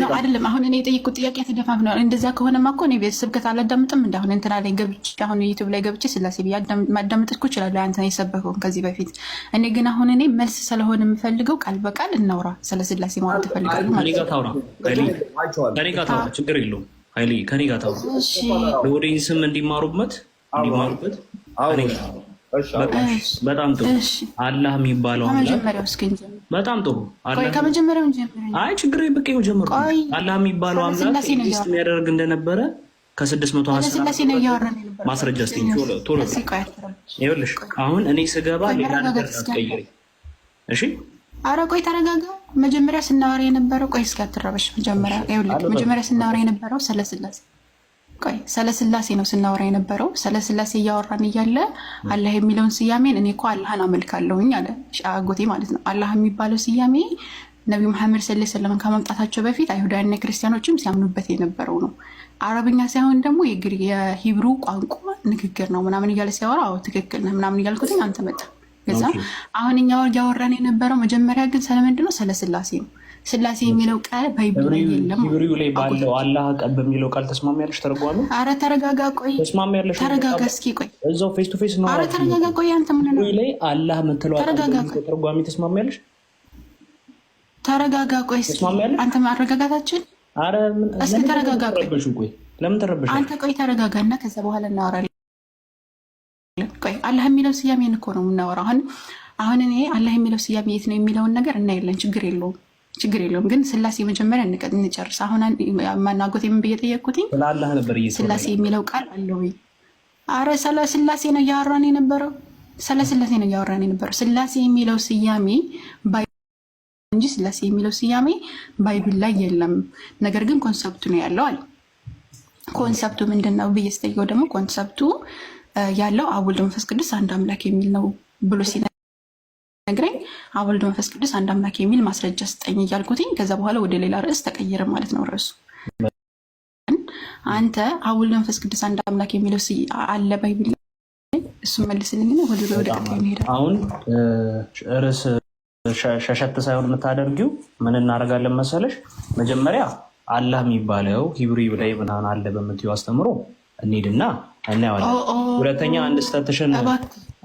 ነው አይደለም አሁን እኔ የጠየቁት ጥያቄ ተደፋፍነ። እንደዚያ ከሆነማ እኮ እኔ ቤተሰብ ስብከት አላዳምጥም። እንዳሁን እንትና ላይ ገብቼ አሁን ዩቱብ ላይ ገብቼ ስላሴ ብዬ ማዳምጥ እኮ እችላለሁ። አንተ የሰበከውን ከዚህ በፊት እኔ ግን አሁን እኔ መልስ ስለሆነ የምፈልገው ቃል በቃል እናውራ። ስለ ስላሴ ማውራት እፈልጋለሁ። ከኔ ጋር ታውራ፣ ችግር የለውም ሀይሌ፣ ከኔ ጋር ታውራ። ስም እንዲማሩበት እንዲማሩበት በጣም ጥሩ አላህ የሚባለው መጀመሪያው እስኪ በጣም ጥሩ። ከመጀመሪያው አይ ችግር ብቅ ጀምሩ። አላህ የሚባለው አምላክ ኤግዚስት የሚያደርግ እንደነበረ ከስድስት መቶ ማስረጃ ስ ይኸውልሽ፣ አሁን እኔ ስገባ ሌላ ነገር አስቀይሪ። እሺ፣ አረ ቆይ ተረጋጋ። መጀመሪያ ስናወራ የነበረው ቆይ እስኪ አትረበሽ። መጀመሪያ ስናወራ የነበረው ስለ ስላሴ ቆይ ስለ ስላሴ ነው ስናወራ የነበረው። ስለ ስላሴ እያወራን እያለ አላህ የሚለውን ስያሜን እኔ እኮ አላህን አመልካለሁኝ አለ አጎቴ ማለት ነው። አላህ የሚባለው ስያሜ ነቢ መሐመድ ስለ ስለምን ከመምጣታቸው በፊት አይሁዳውያንና ክርስቲያኖችም ሲያምኑበት የነበረው ነው። አረብኛ ሳይሆን ደግሞ የሂብሩ ቋንቋ ንግግር ነው ምናምን እያለ ሲያወራ አዎ ትክክል ነህ ምናምን እያልኩት አንተ መጣ። ከዛ አሁን እኛ ያወራን የነበረው መጀመሪያ ግን ስለምንድን ነው? ስለ ስላሴ ነው። ስላሴ የሚለው ቃል ባይብል የለም። ሂብሪው ላይ ባለው አላህ ቃል በሚለው ቃል ተስማሚ ያለሽ ተረጓሚ። አረ ተረጋጋ፣ ቆይ ተስማሚ ያለሽ ተረጋጋ፣ እስኪ ቆይ እዛው ፌስ ቱ ፌስ ነው። አረ ተረጋጋ፣ ቆይ አንተ ምን ነው ላይ አላህ የምትለው ተረጓሚ ተስማሚ ያለሽ ተረጋጋ፣ ቆይ እስኪ አንተ ማረጋጋታችን። አረ እስኪ ተረጋጋ፣ ቆይ ቆይ፣ ለምን ተረበሽ አንተ? ቆይ ተረጋጋ እና ከዛ በኋላ እናወራለን። ቆይ አላህ የሚለው ስያሜ እኮ ነው የምናወራው አሁን። አሁን እኔ አላህ የሚለው ስያሜ የት ነው የሚለውን ነገር እናያለን። ችግር የለውም። ችግር የለውም ግን ስላሴ መጀመሪያ እንቀጥ እንጨርስ። አሁን ማናጎት የምን ብዬ ጠየቅኩትኝ ስላሴ የሚለው ቃል አለው። አረ ስለ ስላሴ ነው እያወራን የነበረው። ስለ ስላሴ ነው እያወራን የነበረው። ስላሴ የሚለው ስያሜ እንጂ ስላሴ የሚለው ስያሜ ባይብል ላይ የለም። ነገር ግን ኮንሰፕቱ ነው ያለው አለ። ኮንሰፕቱ ምንድን ነው ብዬ ደግሞ ኮንሰፕቱ ያለው አብ ወልድ መንፈስ ቅዱስ አንድ አምላክ የሚል ነው ብሎ ሲ ነግረኝ አብ ወልድ መንፈስ ቅዱስ አንድ አምላክ የሚል ማስረጃ ስጠኝ እያልኩትኝ ከዛ በኋላ ወደ ሌላ ርዕስ ተቀየረ ማለት ነው። ርዕሱ አንተ አብ ወልድ መንፈስ ቅዱስ አንድ አምላክ የሚለው አለ ባይብል እሱ መልስልኝ። ወደ ወደ ቀጣይ እንሄዳለን። አሁን ርዕስ ሸሸት ሳይሆን የምታደርጊው ምን እናደርጋለን መሰለሽ? መጀመሪያ አላህ የሚባለው ሂብሪ ላይ ምናምን አለ በምትዩ አስተምሮ እንሂድና እናየዋለን። ሁለተኛ አንድ ስተትሽን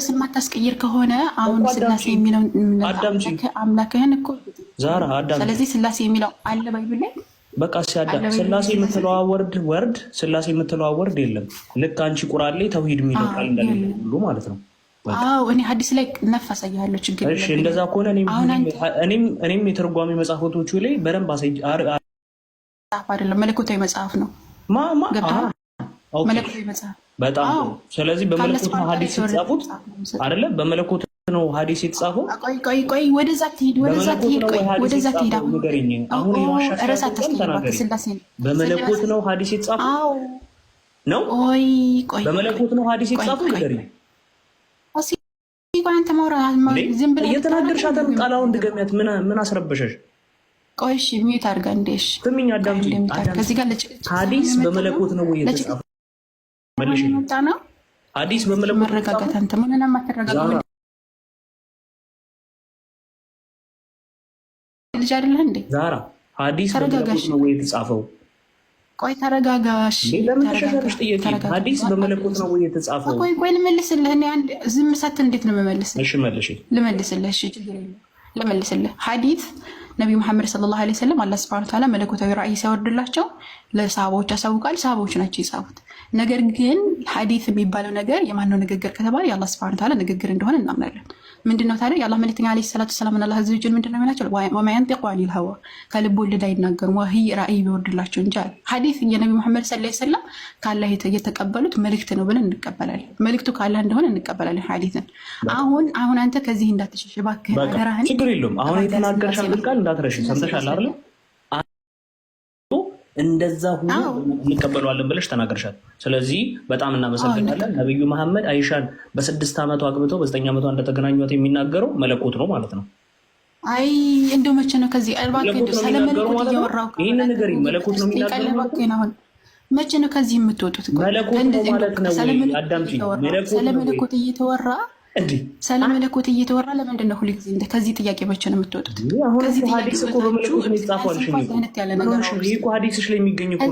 በስም ማታስቀይር ከሆነ አሁን ስላሴ የሚለው አምላክህን እኮ ዛራ አዳም። ስለዚህ ስላሴ የሚለው አለ ባይብል ላይ በቃ ሲያዳ ስላሴ የምትለዋ ወርድ ወርድ ስላሴ የምትለዋ ወርድ የለም። ልክ አንቺ ቁራሌ ተውሂድ የሚለው ቃል እንደሌለ ሁሉ ማለት ነው። አዎ እኔ ሀዲስ ላይ ነፍ አሳያለሁ። ችግር እሺ፣ እንደዛ ከሆነ እኔም የተርጓሚ መጽሐፎቹ ላይ በደንብ አሳይ። አይደለም መለኮታዊ መጽሐፍ ነው ማማ ገብተሃል? በጣም ስለዚህ በመለኮት ነው ሀዲስ የተጻፉት አይደለ? በመለኮት ነው ሀዲስ የተጻፈው። ቆይ ቆይ፣ ወደዛ ትሄድ፣ ወደዛ ትሄድ፣ ቆይ ወደዛ ትሄድ። አሁን አሁን በመለኮት ነው ሀዲስ የተጻፈው ነው። ቆይ ቆይ፣ በመለኮት ነው ሀዲስ የተጻፈው ንገሪኝ። አንተ ማውራት ዝም ብለህ ቃላውን ድገሚያት። ምን አስረበሸሽ? ቆይ እሺ፣ ሚዩት አድርጋ እንዴሽ ትምኝ አዳምጪ። ከዚህ ጋር ሀዲስ በመለኮት ነው ወይ የተጻፈው? አዲስ መመለመረጋጋት አንተ ምን ማትረጋጋ ልጅ አይደለህ እንዴ? ዛራ ሐዲስ በመለኮት ነው ወይ የተጻፈው? ቆይ ተረጋጋሽ። ለምን በመለኮት ነው ወይ የተጻፈው? ቆይ ቆይ ልመልስልህ። እኔ አንድ ዝም ሰት እንዴት ነው መመልስልህ? እሺ መልሽ፣ ልመልስልህ። እሺ ልመልስልህ። ሐዲስ ነቢ መሐመድ ሰለላሁ ዓለይሂ ወሰለም አላህ ሱብሐነሁ ወተዓላ መለኮታዊ ራእይ ሲያወርድላቸው ለሰሃቦች ያሳውቃል። ሰሃቦች ናቸው የጻፉት። ነገር ግን ሐዲስ የሚባለው ነገር የማነው ንግግር ከተባለ የአላህ ሱብሐነሁ ወተዓላ ንግግር እንደሆነ እናምናለን። ምንድን ነው ታዲያ የአላህ መልክተኛ ለ ሰላት ሰላም ና ህዝብ ጅን ምንድን ነው የሚላቸው? ወማያንጢቁ አኒል ሀዋ ከልብ ወለድ አይናገርም ወህይ ራእይ ቢወርድላቸው እንጂ አለ ሐዲስ የነቢ መሐመድ ሰላ ሰላም ከአላህ የተቀበሉት መልክት ነው ብለን እንቀበላለን። መልክቱ ከአላህ እንደሆነ እንቀበላለን ሐዲስን። አሁን አሁን አንተ ከዚህ እንዳትሸሽ እባክህ አደራህን። ችግር የለውም አሁን የተናገርሻል ቃል እንዳትረሽ ሰምተሻል አይደለም እንደዛ ሁሉ እንቀበለዋለን ብለሽ ተናገርሻል። ስለዚህ በጣም እናመሰግናለን። ነቢዩ መሐመድ አይሻን በስድስት ዓመቱ አግብቶ በዘጠኝ ዓመቷ እንደተገናኟት የሚናገረው መለኮት ነው ማለት ነው። አይ እንደው መቼ ነው ከዚህ እባክህ እንደው እያወራሁ ይህን ነገር መለኮት ነው የሚናገረው። መቼ ነው ከዚህ የምትወጡት? መለኮት ነው ነው። እየተወራ ስለ መለኮት እየተወራ ለምንድን ነው ጊዜ ከዚህ ጥያቄ መቼ ነው የምትወጡት? ከዚህ ሀዲስሽ ላይ የሚገኝ እኮ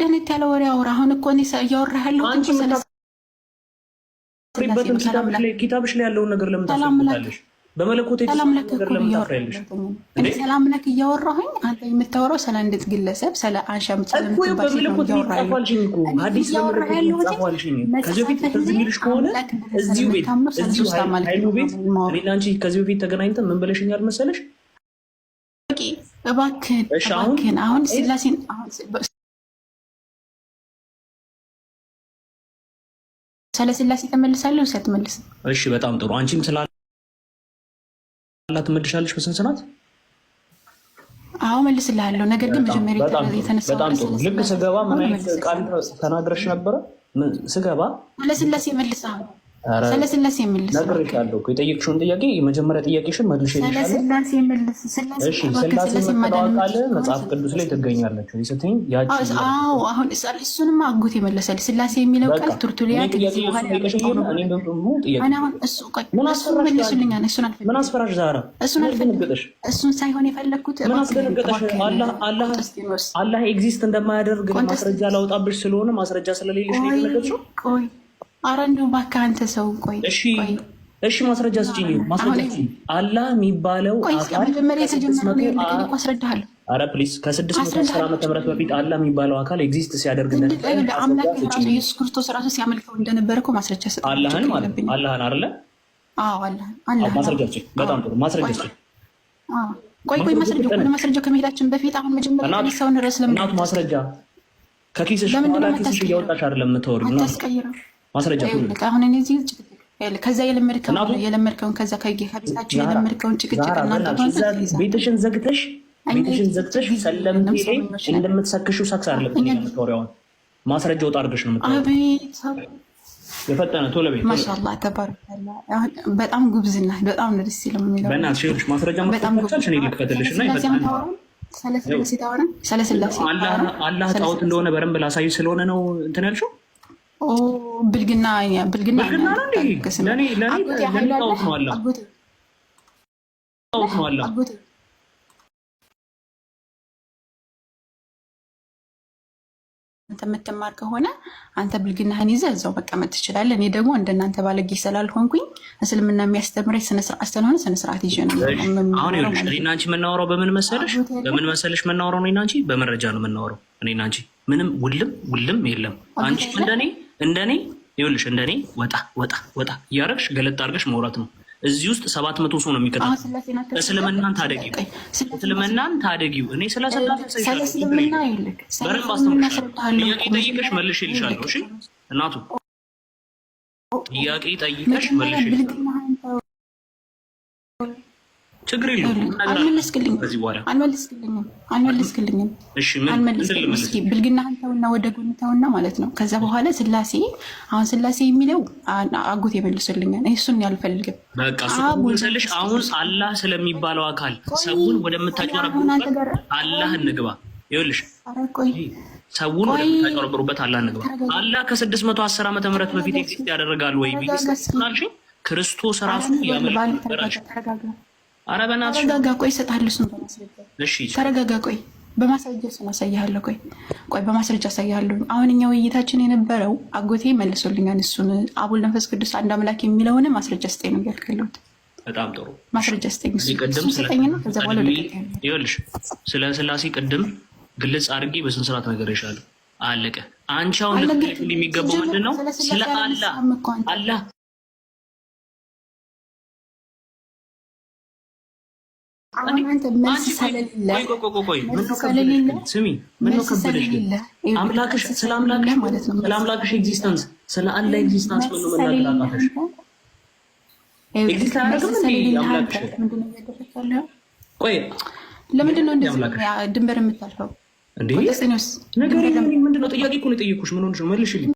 ደህነት ያለ ወሬ አውራ። አሁን እኮ እያወራህ ያለሁት እንጂ ኪታብሽ ላይ ያለውን ነገር ለምን ታስፈልጋለሽ? በመለኮት ሰላም ለክ እያወራሁኝ አንተ የምታወራው ስለ አንዲት ግለሰብ ስለ አንሻም ከዚህ በፊት ተገናኝተን ምን ብለሽኛል መሰለሽ? እባክህን እባክህን አሁን ስላሴን ስለ ስላሴ ተመልሳለሁ። እሺ በጣም ጥሩ አንቺም ስላ ላ ትመልሻለች በስንት ሰዓት? አዎ መልስልሃለሁ። ነገር ግን መጀመሪያ በጣም ልክ ስገባ ምን አይነት ቃል ተናግረሽ ነበረ? ስገባ ለስላሴ መልስ ስለስላሴ መልስ ነግሬሻለሁ የጠየቅሽውን ጥያቄ የመጀመሪያ ጥያቄሽን መልሼ መጽሐፍ ቅዱስ ላይ ትገኛለች ወይ ስትይኝ፣ አሁን እሱንማ አጎት ስላሴ የሚለው ቃል ቱርቱሊያ እሱን ሳይሆን የፈለግኩት አላህ ኤግዚስት እንደማያደርግ ማስረጃ ላውጣብሽ ስለሆነ ማስረጃ ስለሌለሽ ነው የፈለገችው ኧረ እንደው እባክህ አንተ ሰው ቆይ እሺ፣ ማስረጃ ስጭኝ። ማስረጃ አላህ የሚባለው አስረዳለሁ። ፕሊስ ከስድስት መቶ አስር ዓመተ ምህረት በፊት አላህ የሚባለው አካል ኤግዚስት ሲያደርግ ኢየሱስ ክርስቶስ ራሱ ሲያመልከው እንደነበረ እኮ ማስረጃ ስጥ። አላህን ማለት አላህን አይደለ? በጣም ጥሩ ማስረጃ ስጭኝ። ቆይ ቆይ፣ ማስረጃ ወደ ከመሄዳችን በፊት አሁን መጀመሪያ ሰውን ረስ ለምናት ማስረጃ ከኪስሽ ኋላ ኪስሽ እያወጣሽ አይደለም የምታወሪው ነው ማስረጃ አሁን እዚህ ከዛ የለመድከውን የለመድከውን ከዛ ከቤታቸው የለመድከውን ጭቅጭቅ ቤትሽን ዘግተሽ ቤትሽን ዘግተሽ ሰለምቴ እንደምትሰክሹ ሰክስ አለ የምትወሪያውን ማስረጃ ወጣ አድርገሽ ነው አቤት የፈጠነ ቶሎ ቤት ማሻላ ተባረከላ። በጣም ጉብዝና በጣም ነው ደስ ይለው የሚለው በእናትሽ ማስረጃ ማስረጃ እኔ ልክፈትልሽ እና ይፈጠነ ስለስላሴ አላህ ጣዖት እንደሆነ በደንብ ላሳይ ስለሆነ ነው እንትን ያልሽው ብልግና ብልግና አንተ የምትማር ከሆነ አንተ ብልግናህን ይዘህ እዛው መቀመጥ ትችላለህ። እኔ ደግሞ እንደናንተ ባለጌ ስላልሆንኩኝ እስልምና የሚያስተምረኝ ስነስርዓት ስለሆነ ስነስርዓት ይዤ ነው። አሁን ይኸውልሽ እኔና አንቺ የምናወራው በምን መሰለሽ በምን መሰለሽ የምናወራው እኔና አንቺ በመረጃ ነው የምናወራው። እኔና አንቺ ምንም ውልም ውልም የለም። አንቺ እንደኔ እንደኔ ይኸውልሽ እንደኔ ወጣ ወጣ ወጣ እያረግሽ ገለጥ አድርገሽ መውራት ነው። እዚህ ውስጥ ሰባት መቶ ሰው ነው የሚከታተለው። እስልምናን ታደጊው፣ እስልምናን ታደጊው። እኔ ስለ ስልምና በደንብ አስተምርሻለሁ። ጥያቄ ጠይቀሽ መልሽ ይልሻለሁ። እሺ እናቱ ጥያቄ ጠይቀሽ መልሽ ይልሻለሁ። ችግር የለውም። ብልግናህን ተውና ወደ ጎን ተውና ማለት ነው። ከዛ በኋላ ስላሴ አሁን ስላሴ የሚለው አጎት የመልሱልኛል። እሱን ያልፈልግም። በቃልሽ አሁን አላህ ስለሚባለው አካል ሰውን ወደምታጭበረብሩበት አላህ እንግባ። ይኸውልሽ ሰውን ወደምታጭበረብሩበት አላህ እንግባ። አላህ ከስድስት መቶ አስር ዓመተ ምህረት በፊት ኤግዚስት ያደረጋል ወይ ብዬሽ ክርስቶስ ራሱ ያመልክ ነበራቸው ኧረ በእናትሽ ተረጋጋ። ቆይ እሰጥሃለሁ። እሱን በማስረጃ ተረጋጋ። ቆይ በማስረጃ እሱን አሳይሃለሁ። ቆይ ቆይ በማስረጃ አሳይሃለሁ። አሁን እኛ ውይይታችን የነበረው አጎቴ መልሶልኛል። እሱን አቡል መንፈስ ቅዱስ አንድ አምላክ የሚለውን ማስረጃ ስጠኝ ነው እያልክ በጣም ጥሩ ማስረጃ ስጠኝ። ከዛ በኋላ ይኸውልሽ፣ ስለ ስላሴ ቅድም ግልጽ አድርጌ በስንስራት ስርዓት ነገር ይሻላል። አለቀ። አንቺ አሁን ልክ የሚገባው ምንድን ነው? ስለ አላህ አላህ ስለአምላክሽ ኤግዚስተንስ ስለ አላ ኤግዚስተንስ ምን መናገራቃሽ? ኤግዚስት አያደርግም ነው ድንበር የምታልፈው? እንዴ ነገር ነው? ጥያቄ እኮ ነው የጠየኩሽ። ምን ሆንሽ ነው? መልሽልኝ